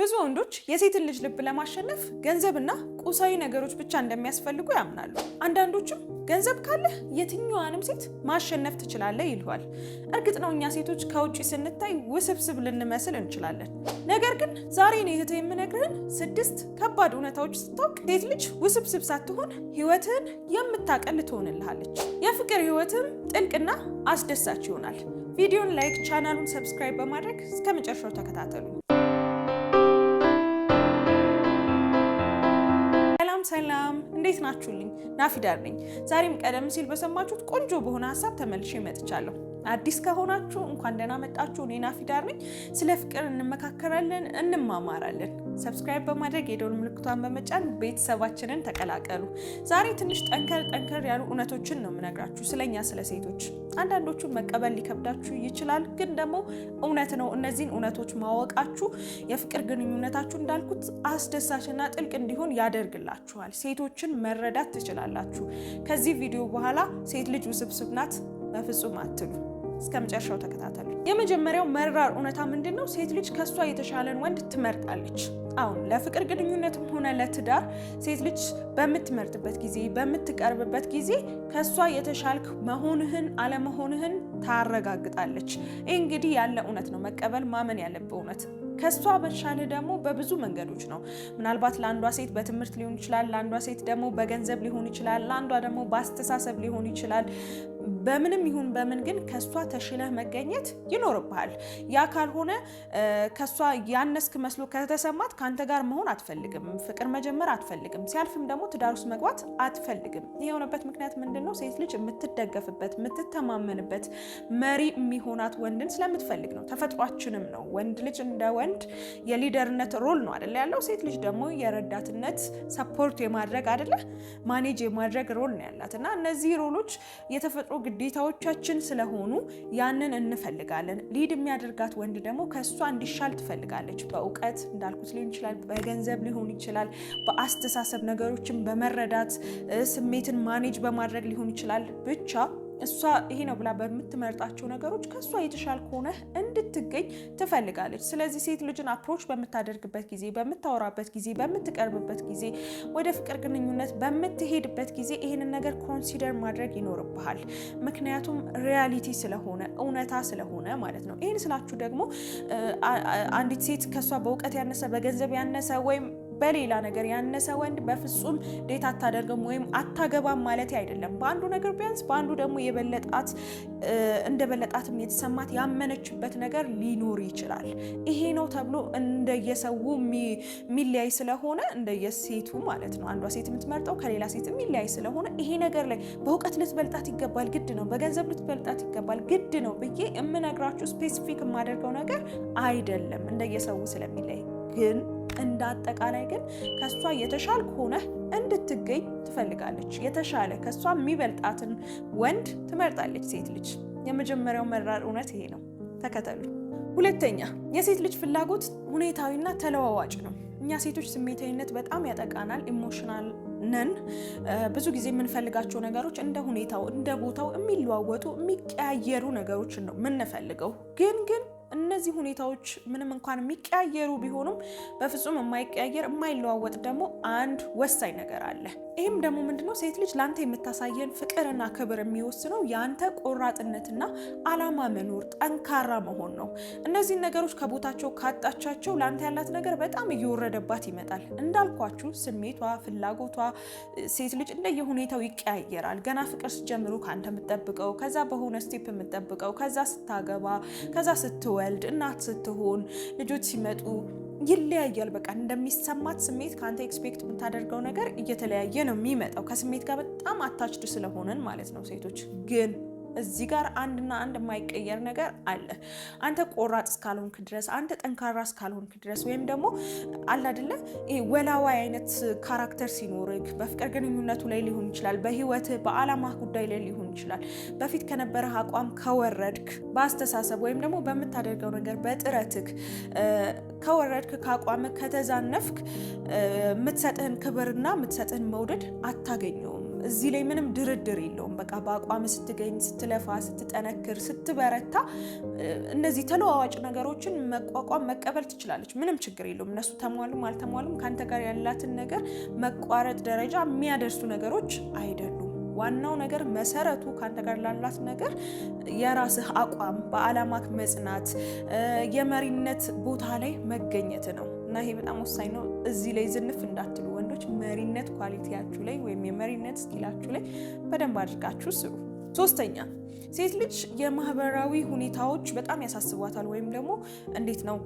ብዙ ወንዶች የሴትን ልጅ ልብ ለማሸነፍ ገንዘብና ቁሳዊ ነገሮች ብቻ እንደሚያስፈልጉ ያምናሉ። አንዳንዶቹ ገንዘብ ካለህ የትኛዋንም ሴት ማሸነፍ ትችላለህ ይልዋል። እርግጥ ነው እኛ ሴቶች ከውጭ ስንታይ ውስብስብ ልንመስል እንችላለን። ነገር ግን ዛሬ ነው እህቴ የምነግርህን ስድስት ከባድ እውነታዎች ስታውቅ ሴት ልጅ ውስብስብ ሳትሆን ህይወትህን የምታቀል ትሆንልሃለች። የፍቅር ህይወትም ጥልቅና አስደሳች ይሆናል። ቪዲዮን ላይክ፣ ቻናሉን ሰብስክራይብ በማድረግ እስከ መጨረሻው ተከታተሉ። ሰላም እንዴት ናችሁልኝ? ናፊዳር ነኝ። ዛሬም ቀደም ሲል በሰማችሁት ቆንጆ በሆነ ሀሳብ ተመልሼ መጥቻለሁ። አዲስ ከሆናችሁ እንኳን ደህና መጣችሁ። እኔ ናፊዳር ነኝ። ስለ ፍቅር እንመካከራለን፣ እንማማራለን። ሰብስክራይብ በማድረግ የደወል ምልክቷን በመጫን ቤተሰባችንን ተቀላቀሉ። ዛሬ ትንሽ ጠንከር ጠንከር ያሉ እውነቶችን ነው የምነግራችሁ ስለኛ ስለ ሴቶች። አንዳንዶቹን መቀበል ሊከብዳችሁ ይችላል፣ ግን ደግሞ እውነት ነው። እነዚህን እውነቶች ማወቃችሁ የፍቅር ግንኙነታችሁ እንዳልኩት አስደሳችና ጥልቅ እንዲሆን ያደርግላችኋል። ሴቶችን መረዳት ትችላላችሁ። ከዚህ ቪዲዮ በኋላ ሴት ልጅ ውስብስብ ናት በፍጹም አትሉ። እስከ መጨረሻው ተከታተሉ። የመጀመሪያው መራር እውነታ ምንድን ነው? ሴት ልጅ ከእሷ የተሻለን ወንድ ትመርጣለች። አሁን ለፍቅር ግንኙነትም ሆነ ለትዳር ሴት ልጅ በምትመርጥበት ጊዜ በምትቀርብበት ጊዜ ከእሷ የተሻልክ መሆንህን አለመሆንህን ታረጋግጣለች። ይህ እንግዲህ ያለ እውነት ነው፣ መቀበል ማመን ያለብህ እውነት ከእሷ በተሻለ ደግሞ በብዙ መንገዶች ነው። ምናልባት ለአንዷ ሴት በትምህርት ሊሆን ይችላል፣ ለአንዷ ሴት ደግሞ በገንዘብ ሊሆን ይችላል፣ ለአንዷ ደግሞ በአስተሳሰብ ሊሆን ይችላል። በምንም ይሁን በምን ግን ከሷ ተሽለህ መገኘት ይኖርብሃል። ያ ካልሆነ ከሷ ያነስክ መስሎ ከተሰማት ከአንተ ጋር መሆን አትፈልግም፣ ፍቅር መጀመር አትፈልግም፣ ሲያልፍም ደግሞ ትዳር ውስጥ መግባት አትፈልግም። ይህ የሆነበት ምክንያት ምንድን ነው? ሴት ልጅ የምትደገፍበት የምትተማመንበት መሪ የሚሆናት ወንድን ስለምትፈልግ ነው። ተፈጥሯችንም ነው። ወንድ ልጅ እንደ ወንድ የሊደርነት ሮል ነው አደለ ያለው። ሴት ልጅ ደግሞ የረዳትነት ሰፖርት የማድረግ አደለ ማኔጅ የማድረግ ሮል ነው ያላት እና እነዚህ ሮሎች የተፈጥሮ ግዴታዎቻችን ስለሆኑ ያንን እንፈልጋለን። ሊድ የሚያደርጋት ወንድ ደግሞ ከእሷ እንዲሻል ትፈልጋለች። በእውቀት እንዳልኩት ሊሆን ይችላል፣ በገንዘብ ሊሆን ይችላል፣ በአስተሳሰብ ነገሮችን በመረዳት ስሜትን ማኔጅ በማድረግ ሊሆን ይችላል ብቻ እሷ ይሄ ነው ብላ በምትመርጣቸው ነገሮች ከእሷ የተሻል ከሆነ እንድትገኝ ትፈልጋለች። ስለዚህ ሴት ልጅን አፕሮች በምታደርግበት ጊዜ፣ በምታወራበት ጊዜ፣ በምትቀርብበት ጊዜ፣ ወደ ፍቅር ግንኙነት በምትሄድበት ጊዜ ይህንን ነገር ኮንሲደር ማድረግ ይኖርብሃል። ምክንያቱም ሪያሊቲ ስለሆነ እውነታ ስለሆነ ማለት ነው። ይህን ስላችሁ ደግሞ አንዲት ሴት ከእሷ በእውቀት ያነሰ በገንዘብ ያነሰ ወይም በሌላ ነገር ያነሰ ወንድ በፍጹም ዴት አታደርግም ወይም አታገባም ማለት አይደለም። በአንዱ ነገር ቢያንስ በአንዱ ደግሞ የበለጣት እንደ በለጣትም የተሰማት ያመነችበት ነገር ሊኖር ይችላል። ይሄ ነው ተብሎ እንደየሰው የሚለያይ ስለሆነ እንደየሴቱ ማለት ነው። አንዷ ሴት የምትመርጠው ከሌላ ሴት የሚለያይ ስለሆነ ይሄ ነገር ላይ በእውቀት ልትበልጣት ይገባል፣ ግድ ነው። በገንዘብ ልትበልጣት ይገባል፣ ግድ ነው ብዬ የምነግራችሁ ስፔሲፊክ የማደርገው ነገር አይደለም እንደየሰው ስለሚለይ ግን እንዳጠቃላይ አጠቃላይ ግን ከእሷ የተሻልክ ሆነህ እንድትገኝ ትፈልጋለች። የተሻለ ከእሷ የሚበልጣትን ወንድ ትመርጣለች ሴት ልጅ። የመጀመሪያው መራር እውነት ይሄ ነው። ተከተሉ። ሁለተኛ የሴት ልጅ ፍላጎት ሁኔታዊና ተለዋዋጭ ነው። እኛ ሴቶች ስሜታዊነት በጣም ያጠቃናል። ኢሞሽናል ነን። ብዙ ጊዜ የምንፈልጋቸው ነገሮች እንደ ሁኔታው እንደ ቦታው የሚለዋወጡ የሚቀያየሩ ነገሮችን ነው የምንፈልገው ግን ግን እነዚህ ሁኔታዎች ምንም እንኳን የሚቀያየሩ ቢሆኑም በፍጹም የማይቀያየር የማይለዋወጥ ደግሞ አንድ ወሳኝ ነገር አለ። ይህም ደግሞ ምንድነው? ሴት ልጅ ለአንተ የምታሳየን ፍቅርና ክብር የሚወስነው የአንተ ቆራጥነትና አላማ መኖር፣ ጠንካራ መሆን ነው። እነዚህን ነገሮች ከቦታቸው ካጣቻቸው ለአንተ ያላት ነገር በጣም እየወረደባት ይመጣል። እንዳልኳችሁ ስሜቷ፣ ፍላጎቷ ሴት ልጅ እንደየሁኔታው ይቀያየራል። ገና ፍቅር ስጀምሩ ከአንተ የምጠብቀው ከዛ በሆነ ስቴፕ የምጠብቀው ከዛ ስታገባ ከዛ ስትወ ስትወልድ እናት ስትሆን ልጆች ሲመጡ ይለያያል። በቃ እንደሚሰማት ስሜት ከአንተ ኤክስፔክት የምታደርገው ነገር እየተለያየ ነው የሚመጣው ከስሜት ጋር በጣም አታችድ ስለሆነን ማለት ነው ሴቶች ግን እዚህ ጋር አንድና አንድ የማይቀየር ነገር አለ። አንተ ቆራጥ እስካልሆንክ ድረስ፣ አንተ ጠንካራ እስካልሆንክ ድረስ ወይም ደግሞ አለ አይደለ ወላዋይ አይነት ካራክተር ሲኖርክ በፍቅር ግንኙነቱ ላይ ሊሆን ይችላል፣ በህይወትህ በአላማ ጉዳይ ላይ ሊሆን ይችላል። በፊት ከነበረህ አቋም ከወረድክ፣ በአስተሳሰብ ወይም ደግሞ በምታደርገው ነገር በጥረትክ ከወረድክ፣ ከአቋምህ ከተዛነፍክ የምትሰጥህን ክብርና የምትሰጥህን መውደድ አታገኘው። እዚህ ላይ ምንም ድርድር የለውም። በቃ በአቋም ስትገኝ፣ ስትለፋ፣ ስትጠነክር፣ ስትበረታ እነዚህ ተለዋዋጭ ነገሮችን መቋቋም መቀበል ትችላለች። ምንም ችግር የለውም። እነሱ ተሟሉም አልተሟሉም ከአንተ ጋር ያላትን ነገር መቋረጥ ደረጃ የሚያደርሱ ነገሮች አይደሉም። ዋናው ነገር መሰረቱ ከአንተ ጋር ላላት ነገር የራስህ አቋም፣ በአላማክ መጽናት፣ የመሪነት ቦታ ላይ መገኘት ነው። እና ይሄ በጣም ወሳኝ ነው። እዚህ ላይ ዝንፍ እንዳትሉ ወንዶች፣ መሪነት ኳሊቲያችሁ ላይ ወይም የመሪነት ስኪላችሁ ላይ በደንብ አድርጋችሁ ስሩ። ሶስተኛ ሴት ልጅ የማህበራዊ ሁኔታዎች በጣም ያሳስቧታል። ወይም ደግሞ እንዴት ነው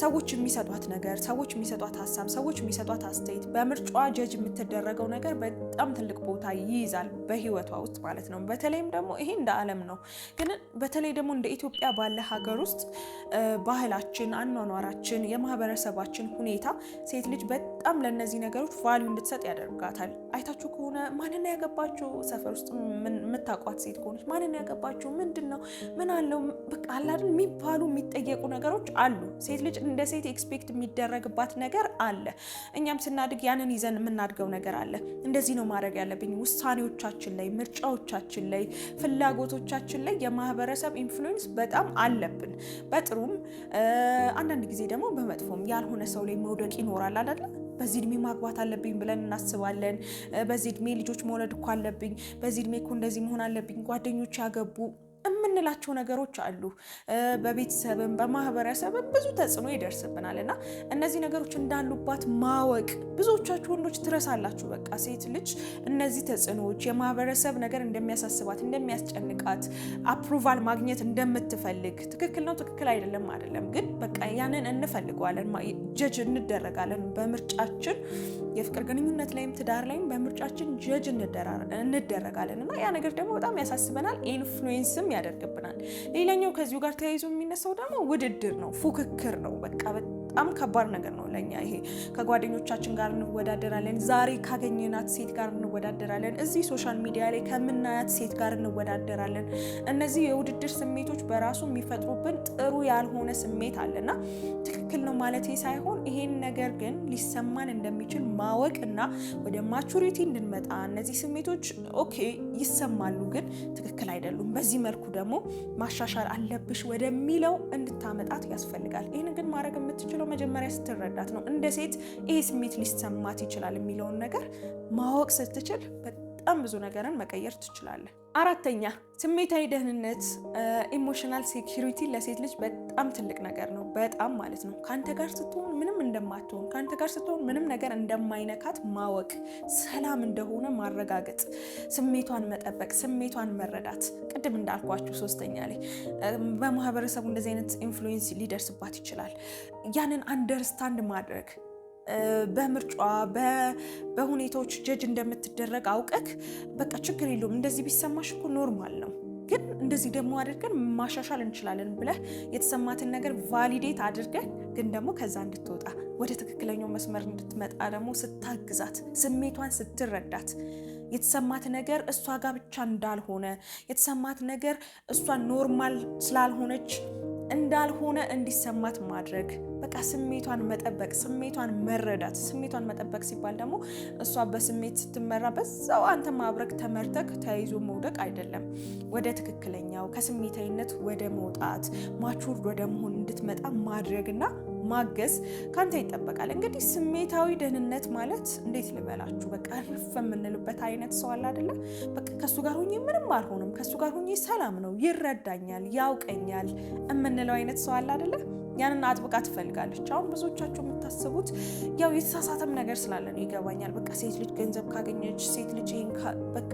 ሰዎች የሚሰጧት ነገር፣ ሰዎች የሚሰጧት ሀሳብ፣ ሰዎች የሚሰጧት አስተያየት፣ በምርጫ ጀጅ የምትደረገው ነገር በጣም ትልቅ ቦታ ይይዛል በህይወቷ ውስጥ ማለት ነው። በተለይም ደግሞ ይሄ እንደ ዓለም ነው፣ ግን በተለይ ደግሞ እንደ ኢትዮጵያ ባለ ሀገር ውስጥ ባህላችን፣ አኗኗራችን፣ የማህበረሰባችን ሁኔታ ሴት ልጅ በጣም ለእነዚህ ነገሮች ቫሊዩ እንድትሰጥ ያደርጋታል። አይታችሁ ከሆነ ማንን ያገባችው ሰፈር ውስጥ የምታውቋት ሴት ከሆነች ማንን ያገባችሁ ምንድን ነው ምን አለው በቃ የሚባሉ የሚጠየቁ ነገሮች አሉ። ሴት ልጅ እንደ ሴት ኤክስፔክት የሚደረግባት ነገር አለ። እኛም ስናድግ ያንን ይዘን የምናድገው ነገር አለ። እንደዚህ ነው ማድረግ ያለብኝ ውሳኔዎቻችን ላይ፣ ምርጫዎቻችን ላይ፣ ፍላጎቶቻችን ላይ የማህበረሰብ ኢንፍሉዌንስ በጣም አለብን። በጥሩም አንዳንድ ጊዜ ደግሞ በመጥፎም ያልሆነ ሰው ላይ መውደቅ ይኖራል አይደል በዚህ እድሜ ማግባት አለብኝ ብለን እናስባለን። በዚህ እድሜ ልጆች መውለድ እኮ አለብኝ፣ በዚህ እድሜ እኮ እንደዚህ መሆን አለብኝ፣ ጓደኞች ያገቡ የምንላቸው ነገሮች አሉ። በቤተሰብም በማህበረሰብም ብዙ ተጽዕኖ ይደርስብናል እና እነዚህ ነገሮች እንዳሉባት ማወቅ ብዙዎቻችሁ ወንዶች ትረሳላችሁ። በቃ ሴት ልጅ እነዚህ ተጽዕኖዎች የማህበረሰብ ነገር እንደሚያሳስባት እንደሚያስጨንቃት፣ አፕሩቫል ማግኘት እንደምትፈልግ ትክክል ነው ትክክል አይደለም አይደለም፣ ግን በቃ ያንን እንፈልገዋለን፣ ጀጅ እንደረጋለን። በምርጫችን የፍቅር ግንኙነት ላይም ትዳር ላይም በምርጫችን ጀጅ እንደረጋለን እና ያ ነገር ደግሞ በጣም ያሳስበናል ኢንፍሉዌንስም ያደርግብናል። ሌላኛው ከዚሁ ጋር ተያይዞ የሚነሳው ደግሞ ውድድር ነው፣ ፉክክር ነው። በቃ በጣም ከባድ ነገር ነው ለኛ ይሄ። ከጓደኞቻችን ጋር እንወዳደራለን፣ ዛሬ ካገኘናት ሴት ጋር እንወዳደራለን፣ እዚህ ሶሻል ሚዲያ ላይ ከምናያት ሴት ጋር እንወዳደራለን። እነዚህ የውድድር ስሜቶች በራሱ የሚፈጥሩብን ጥሩ ያልሆነ ስሜት አለና ትክክል ነው ማለት ሳይሆን ይሄን ነገር ግን ሊሰማን እንደሚችል ማወቅ እና ወደ ማቹሪቲ እንድንመጣ እነዚህ ስሜቶች ኦኬ ይሰማሉ፣ ግን ትክክል አይደሉም፣ በዚህ መልኩ ደግሞ ማሻሻል አለብሽ ወደሚለው እንድታመጣት ያስፈልጋል። ይህን ግን ማድረግ የምትችለው መጀመሪያ ስትረዳት ነው። እንደ ሴት ይሄ ስሜት ሊሰማት ይችላል የሚለውን ነገር ማወቅ ስትችል በጣም ብዙ ነገርን መቀየር ትችላለህ። አራተኛ ስሜታዊ ደህንነት ኢሞሽናል ሴኪሪቲ ለሴት ልጅ በጣም ትልቅ ነገር ነው። በጣም ማለት ነው ከአንተ ጋር ስትሆን እንደማትሆን ከአንተ ጋር ስትሆን ምንም ነገር እንደማይነካት ማወቅ፣ ሰላም እንደሆነ ማረጋገጥ፣ ስሜቷን መጠበቅ፣ ስሜቷን መረዳት። ቅድም እንዳልኳችሁ ሶስተኛ ላይ በማህበረሰቡ እንደዚህ አይነት ኢንፍሉዌንስ ሊደርስባት ይችላል። ያንን አንደርስታንድ ማድረግ በምርጫ በሁኔታዎች ጀጅ እንደምትደረግ አውቀክ በቃ ችግር የለውም እንደዚህ ቢሰማሽ እኮ ኖርማል ነው ግን እንደዚህ ደግሞ አድርገን ማሻሻል እንችላለን ብለህ የተሰማትን ነገር ቫሊዴት አድርገ ግን ደግሞ ከዛ እንድትወጣ ወደ ትክክለኛው መስመር እንድትመጣ ደግሞ ስታግዛት፣ ስሜቷን ስትረዳት የተሰማት ነገር እሷ ጋር ብቻ እንዳልሆነ የተሰማት ነገር እሷ ኖርማል ስላልሆነች እንዳልሆነ እንዲሰማት ማድረግ በቃ ስሜቷን መጠበቅ፣ ስሜቷን መረዳት። ስሜቷን መጠበቅ ሲባል ደግሞ እሷ በስሜት ስትመራ በዛው አንተ ማብረክ ተመርተክ ተያይዞ መውደቅ አይደለም። ወደ ትክክለኛው ከስሜታዊነት ወደ መውጣት ማቹርድ ወደ መሆን እንድትመጣ ማድረግና ማገዝ ካንተ ይጠበቃል። እንግዲህ ስሜታዊ ደህንነት ማለት እንዴት ልበላችሁ፣ በቃ እርፍ የምንልበት አይነት ሰው አለ አይደለ? በቃ ጋር ሆኜ ምንም አልሆንም፣ ከእሱ ጋር ሆኜ ሰላም ነው፣ ይረዳኛል፣ ያውቀኛል የምንለው አይነት ሰው አለ ያንን አጥብቃ ትፈልጋለች። አሁን ብዙዎቻቸው የምታስቡት ያው የተሳሳተም ነገር ስላለ ነው ይገባኛል። በቃ ሴት ልጅ ገንዘብ ካገኘች ሴት ልጅ በቃ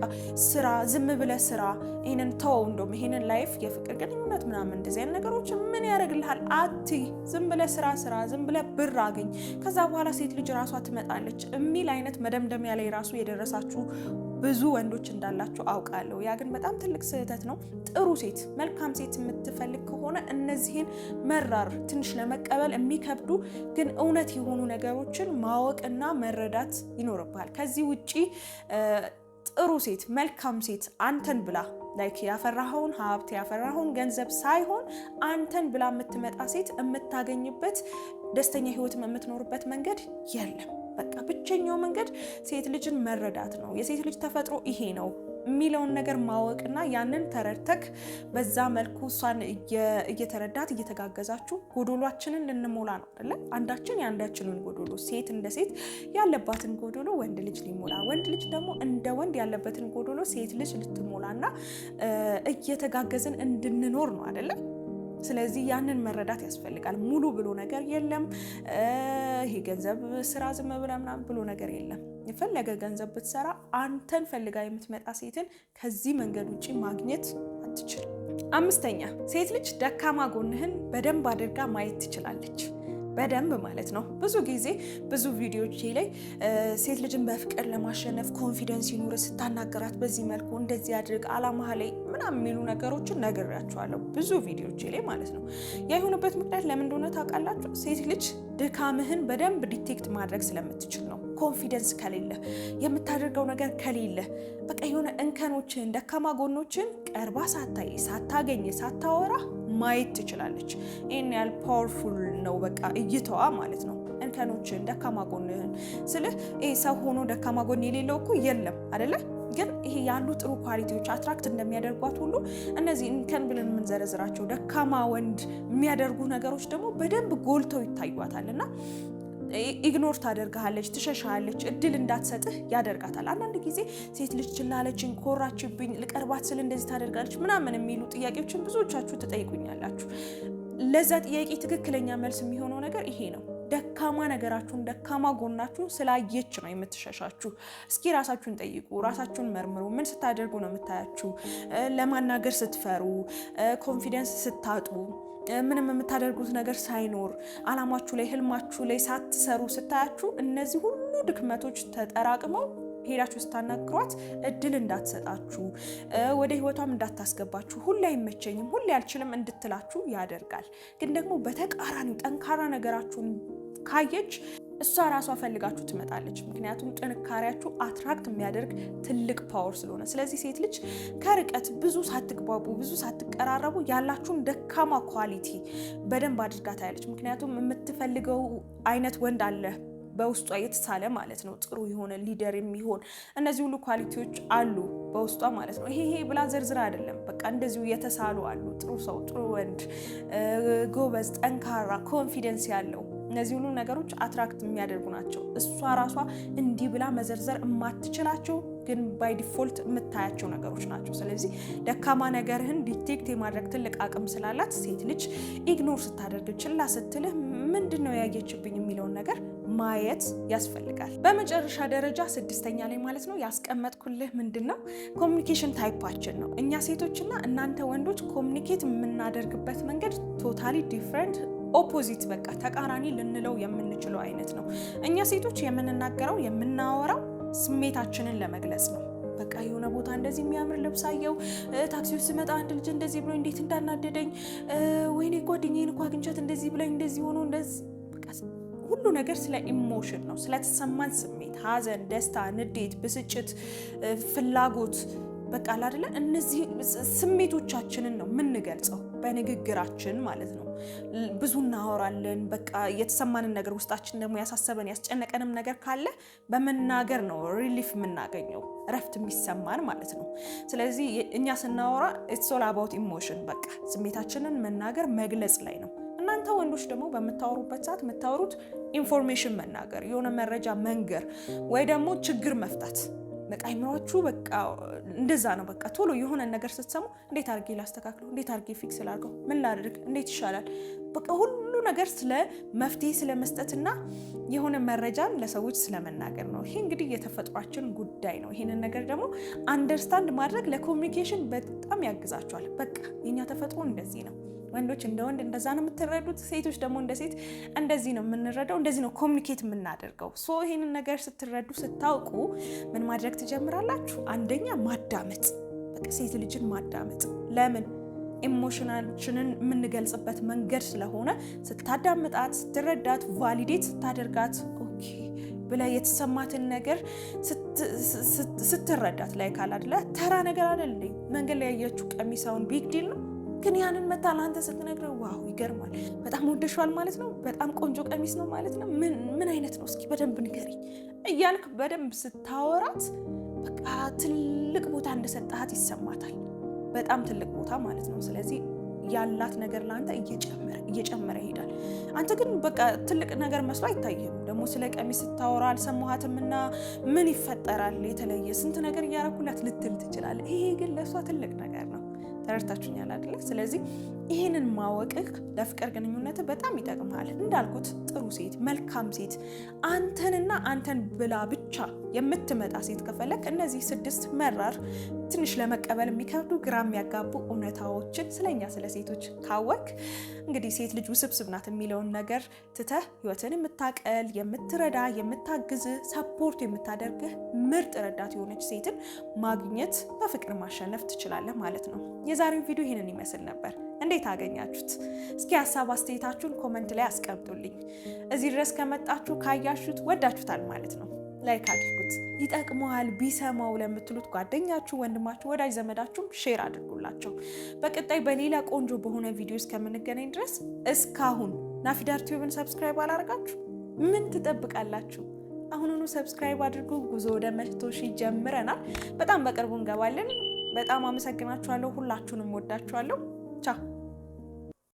ስራ፣ ዝም ብለ ስራ፣ ይህንን ተወው፣ እንደውም ይህንን ላይፍ የፍቅር ግንኙነት ምናምን እንደዚህ አይነት ነገሮች ምን ያደርግልሃል? አቲ ዝም ብለ ስራ ስራ፣ ዝም ብለ ብር አገኝ፣ ከዛ በኋላ ሴት ልጅ ራሷ ትመጣለች የሚል አይነት መደምደሚያ ላይ ራሱ የደረሳችሁ ብዙ ወንዶች እንዳላችሁ አውቃለሁ። ያ ግን በጣም ትልቅ ስህተት ነው። ጥሩ ሴት፣ መልካም ሴት የምትፈልግ ከሆነ እነዚህን መራር፣ ትንሽ ለመቀበል የሚከብዱ ግን እውነት የሆኑ ነገሮችን ማወቅና መረዳት ይኖርብሃል። ከዚህ ውጪ ጥሩ ሴት፣ መልካም ሴት አንተን ብላ ላይክ ያፈራኸውን ሀብት ያፈራኸውን ገንዘብ ሳይሆን አንተን ብላ የምትመጣ ሴት የምታገኝበት ደስተኛ ህይወትም የምትኖርበት መንገድ የለም። በቃ ብቸኛው መንገድ ሴት ልጅን መረዳት ነው። የሴት ልጅ ተፈጥሮ ይሄ ነው የሚለውን ነገር ማወቅና ያንን ተረድተክ በዛ መልኩ እሷን እየተረዳት እየተጋገዛችሁ ጎዶሏችንን ልንሞላ ነው አይደለ? አንዳችን የአንዳችንን ጎዶሎ፣ ሴት እንደ ሴት ያለባትን ጎዶሎ ወንድ ልጅ ሊሞላ፣ ወንድ ልጅ ደግሞ እንደ ወንድ ያለበትን ጎዶሎ ሴት ልጅ ልትሞላና እየተጋገዝን እንድንኖር ነው አይደለም? ስለዚህ ያንን መረዳት ያስፈልጋል። ሙሉ ብሎ ነገር የለም። ይሄ ገንዘብ ስራ ዝም ብለህ ምናምን ብሎ ነገር የለም። የፈለገ ገንዘብ ብትሰራ አንተን ፈልጋ የምትመጣ ሴትን ከዚህ መንገድ ውጭ ማግኘት አትችልም። አምስተኛ ሴት ልጅ ደካማ ጎንህን በደንብ አድርጋ ማየት ትችላለች። በደንብ ማለት ነው። ብዙ ጊዜ ብዙ ቪዲዮቼ ላይ ሴት ልጅን በፍቅር ለማሸነፍ ኮንፊደንስ ይኑር ስታናገራት፣ በዚህ መልኩ እንደዚህ አድርግ አላማ ላይ ምናምን የሚሉ ነገሮችን ነግሬያቸዋለሁ። ብዙ ቪዲዮቼ ላይ ማለት ነው። ያ የሆነበት ምክንያት ለምን እንደሆነ ታውቃላችሁ? ሴት ልጅ ድካምህን በደንብ ዲቴክት ማድረግ ስለምትችል ነው። ኮንፊደንስ ከሌለ የምታደርገው ነገር ከሌለ በቃ የሆነ እንከኖችን ደካማ ጎኖችን ቀርባ ሳታይ፣ ሳታገኝ፣ ሳታወራ ማየት ትችላለች። ይህን ያህል ፓወርፉል ነው በቃ እይታዋ ማለት ነው። እንከኖችን፣ ደካማ ጎንህን ስልህ ይሄ ሰው ሆኖ ደካማ ጎን የሌለው እኮ የለም አደለ? ግን ይሄ ያሉ ጥሩ ኳሊቲዎች አትራክት እንደሚያደርጓት ሁሉ እነዚህ እንከን ብለን የምንዘረዝራቸው ደካማ ወንድ የሚያደርጉ ነገሮች ደግሞ በደንብ ጎልተው ይታዩታል። እና ኢግኖር ታደርግሃለች፣ ትሸሻለች፣ እድል እንዳትሰጥህ ያደርጋታል። አንዳንድ ጊዜ ሴት ልጅ ችላለችኝ፣ ኮራችብኝ፣ ልቀርባት ስል እንደዚህ ታደርጋለች ምናምን የሚሉ ጥያቄዎችን ብዙዎቻችሁ ትጠይቁኛላችሁ። ለዛ ጥያቄ ትክክለኛ መልስ የሚሆነው ነገር ይሄ ነው። ደካማ ነገራችሁን ደካማ ጎናችሁን ስላየች ነው የምትሸሻችሁ። እስኪ ራሳችሁን ጠይቁ፣ ራሳችሁን መርምሩ። ምን ስታደርጉ ነው የምታያችሁ? ለማናገር ስትፈሩ፣ ኮንፊደንስ ስታጡ ምንም የምታደርጉት ነገር ሳይኖር አላማችሁ ላይ ህልማችሁ ላይ ሳትሰሩ ስታያችሁ እነዚህ ሁሉ ድክመቶች ተጠራቅመው ሄዳችሁ ስታናግሯት እድል እንዳትሰጣችሁ ወደ ህይወቷም እንዳታስገባችሁ ሁሌ አይመቸኝም፣ ሁሌ አልችልም እንድትላችሁ ያደርጋል። ግን ደግሞ በተቃራኒ ጠንካራ ነገራችሁን ካየች እሷ ራሷ ፈልጋችሁ ትመጣለች። ምክንያቱም ጥንካሬያችሁ አትራክት የሚያደርግ ትልቅ ፓወር ስለሆነ፣ ስለዚህ ሴት ልጅ ከርቀት ብዙ ሳትግባቡ ብዙ ሳትቀራረቡ ያላችሁን ደካማ ኳሊቲ በደንብ አድርጋ ታያለች። ምክንያቱም የምትፈልገው አይነት ወንድ አለ በውስጧ የተሳለ ማለት ነው። ጥሩ የሆነ ሊደር የሚሆን እነዚህ ሁሉ ኳሊቲዎች አሉ በውስጧ ማለት ነው። ይሄ ይሄ ብላ ዝርዝር አይደለም። በቃ እንደዚሁ የተሳሉ አሉ። ጥሩ ሰው፣ ጥሩ ወንድ፣ ጎበዝ፣ ጠንካራ፣ ኮንፊደንስ ያለው እነዚህ ሁሉ ነገሮች አትራክት የሚያደርጉ ናቸው። እሷ ራሷ እንዲህ ብላ መዘርዘር የማትችላቸው ግን ባይ ዲፎልት የምታያቸው ነገሮች ናቸው። ስለዚህ ደካማ ነገርህን ዲቴክት የማድረግ ትልቅ አቅም ስላላት ሴት ልጅ ኢግኖር ስታደርግ ችላ ስትልህ ምንድን ነው ያየችብኝ የሚለውን ነገር ማየት ያስፈልጋል። በመጨረሻ ደረጃ ስድስተኛ ላይ ማለት ነው ያስቀመጥኩልህ ምንድን ነው ኮሚኒኬሽን ታይፓችን ነው። እኛ ሴቶችና እናንተ ወንዶች ኮሚኒኬት የምናደርግበት መንገድ ቶታሊ ዲፍረንት ኦፖዚት በቃ ተቃራኒ ልንለው የምንችለው አይነት ነው። እኛ ሴቶች የምንናገረው የምናወራው ስሜታችንን ለመግለጽ ነው። በቃ የሆነ ቦታ እንደዚህ የሚያምር ልብስ አየው፣ ታክሲ ውስጥ ስመጣ አንድ ልጅ እንደዚህ ብሎ እንዴት እንዳናደደኝ፣ ወይኔ ጓደኛዬን እኮ አግኝቻት እንደዚህ ብለኝ እንደዚህ ሆኖ እንደዚህ ሁሉ ነገር ስለ ኢሞሽን ነው፣ ስለተሰማን ስሜት ሀዘን፣ ደስታ፣ ንዴት፣ ብስጭት፣ ፍላጎት በቃ አይደለ እነዚህ ስሜቶቻችንን ነው የምንገልጸው በንግግራችን ማለት ነው። ብዙ እናወራለን። በቃ የተሰማንን ነገር ውስጣችን ደግሞ ያሳሰበን ያስጨነቀንም ነገር ካለ በመናገር ነው ሪሊፍ የምናገኘው እረፍት የሚሰማን ማለት ነው። ስለዚህ እኛ ስናወራ ኢትስ ኦል አባውት ኢሞሽን በቃ ስሜታችንን መናገር መግለጽ ላይ ነው። እናንተ ወንዶች ደግሞ በምታወሩበት ሰዓት የምታወሩት ኢንፎርሜሽን መናገር፣ የሆነ መረጃ መንገር ወይ ደግሞ ችግር መፍታት በቃ አይምሯችሁ በቃ እንደዛ ነው። በቃ ቶሎ የሆነ ነገር ስትሰሙ እንዴት አድርጌ ላስተካክለው፣ እንዴት አድርጌ ፊክስ ላድርገው፣ ምን ላድርግ፣ እንዴት ይሻላል በቃ ሁሉ ነገር ስለ መፍትሄ ስለ መስጠትና የሆነ መረጃን ለሰዎች ስለመናገር ነው። ይሄ እንግዲህ የተፈጥሯችን ጉዳይ ነው። ይሄንን ነገር ደግሞ አንደርስታንድ ማድረግ ለኮሚኒኬሽን በጣም ያግዛቸዋል። በቃ የኛ ተፈጥሮ እንደዚህ ነው። ወንዶች እንደ ወንድ እንደዛ ነው የምትረዱት፣ ሴቶች ደግሞ እንደ ሴት እንደዚህ ነው የምንረዳው፣ እንደዚህ ነው ኮሚኒኬት የምናደርገው። ሶ ይሄንን ነገር ስትረዱ ስታውቁ ምን ማድረግ ትጀምራላችሁ? አንደኛ ማዳመጥ፣ በቃ ሴት ልጅን ማዳመጥ ለምን ኢሞሽናችንን የምንገልጽበት መንገድ ስለሆነ ስታዳምጣት፣ ስትረዳት፣ ቫሊዴት ስታደርጋት ኦኬ ብላ የተሰማትን ነገር ስትረዳት ላይ ካላደለ ተራ ነገር አይደል መንገድ ላይ ያየችው ቀሚሳውን ቢግ ዲል ነው፣ ግን ያንን መታ ለአንተ ስትነግረው ዋው ይገርማል፣ በጣም ወደሸዋል ማለት ነው፣ በጣም ቆንጆ ቀሚስ ነው ማለት ነው። ምን አይነት ነው እስኪ በደንብ ንገሪ እያልክ በደንብ ስታወራት በቃ ትልቅ ቦታ እንደሰጣት ይሰማታል። በጣም ትልቅ ቦታ ማለት ነው። ስለዚህ ያላት ነገር ለአንተ እየጨመረ እየጨመረ ይሄዳል። አንተ ግን በቃ ትልቅ ነገር መስሎ አይታይም። ደግሞ ስለ ቀሚስ ስታወራ አልሰማሃትም እና ምን ይፈጠራል የተለየ ስንት ነገር እያረኩላት ልትል ትችላለህ። ይሄ ግን ለእሷ ትልቅ ነገር ነው። ተረድታችሁኛል አይደለ? ስለዚህ ይህንን ማወቅህ ለፍቅር ግንኙነት በጣም ይጠቅምሃል። እንዳልኩት ጥሩ ሴት፣ መልካም ሴት፣ አንተንና አንተን ብላ ብቻ የምትመጣ ሴት ከፈለግ እነዚህ ስድስት መራር ትንሽ ለመቀበል የሚከብዱ ግራ የሚያጋቡ እውነታዎችን ስለኛ ስለ ሴቶች ካወክ እንግዲህ ሴት ልጅ ውስብስብ ናት የሚለውን ነገር ትተህ ህይወትን የምታቀል የምትረዳ፣ የምታግዝ፣ ሰፖርት የምታደርግህ ምርጥ ረዳት የሆነች ሴትን ማግኘት በፍቅር ማሸነፍ ትችላለህ ማለት ነው። የዛሬው ቪዲዮ ይህንን ይመስል ነበር። እንዴት አገኛችሁት? እስኪ ሀሳብ አስተያየታችሁን ኮመንት ላይ አስቀምጡልኝ። እዚህ ድረስ ከመጣችሁ ካያችሁት ወዳችሁታል ማለት ነው ላይክ አድርጉት። ይጠቅመዋል ቢሰማው ለምትሉት ጓደኛችሁ፣ ወንድማችሁ፣ ወዳጅ ዘመዳችሁም ሼር አድርጉላቸው። በቀጣይ በሌላ ቆንጆ በሆነ ቪዲዮ እስከምንገናኝ ድረስ እስካሁን ናፊዳር ቲዩብን ሰብስክራይብ አላርጋችሁ ምን ትጠብቃላችሁ? አሁኑኑ ሰብስክራይብ አድርጉ። ጉዞ ወደ መቶ ሺህ ጀምረናል። በጣም በቅርቡ እንገባለን። በጣም አመሰግናችኋለሁ። ሁላችሁንም ወዳችኋለሁ። ቻው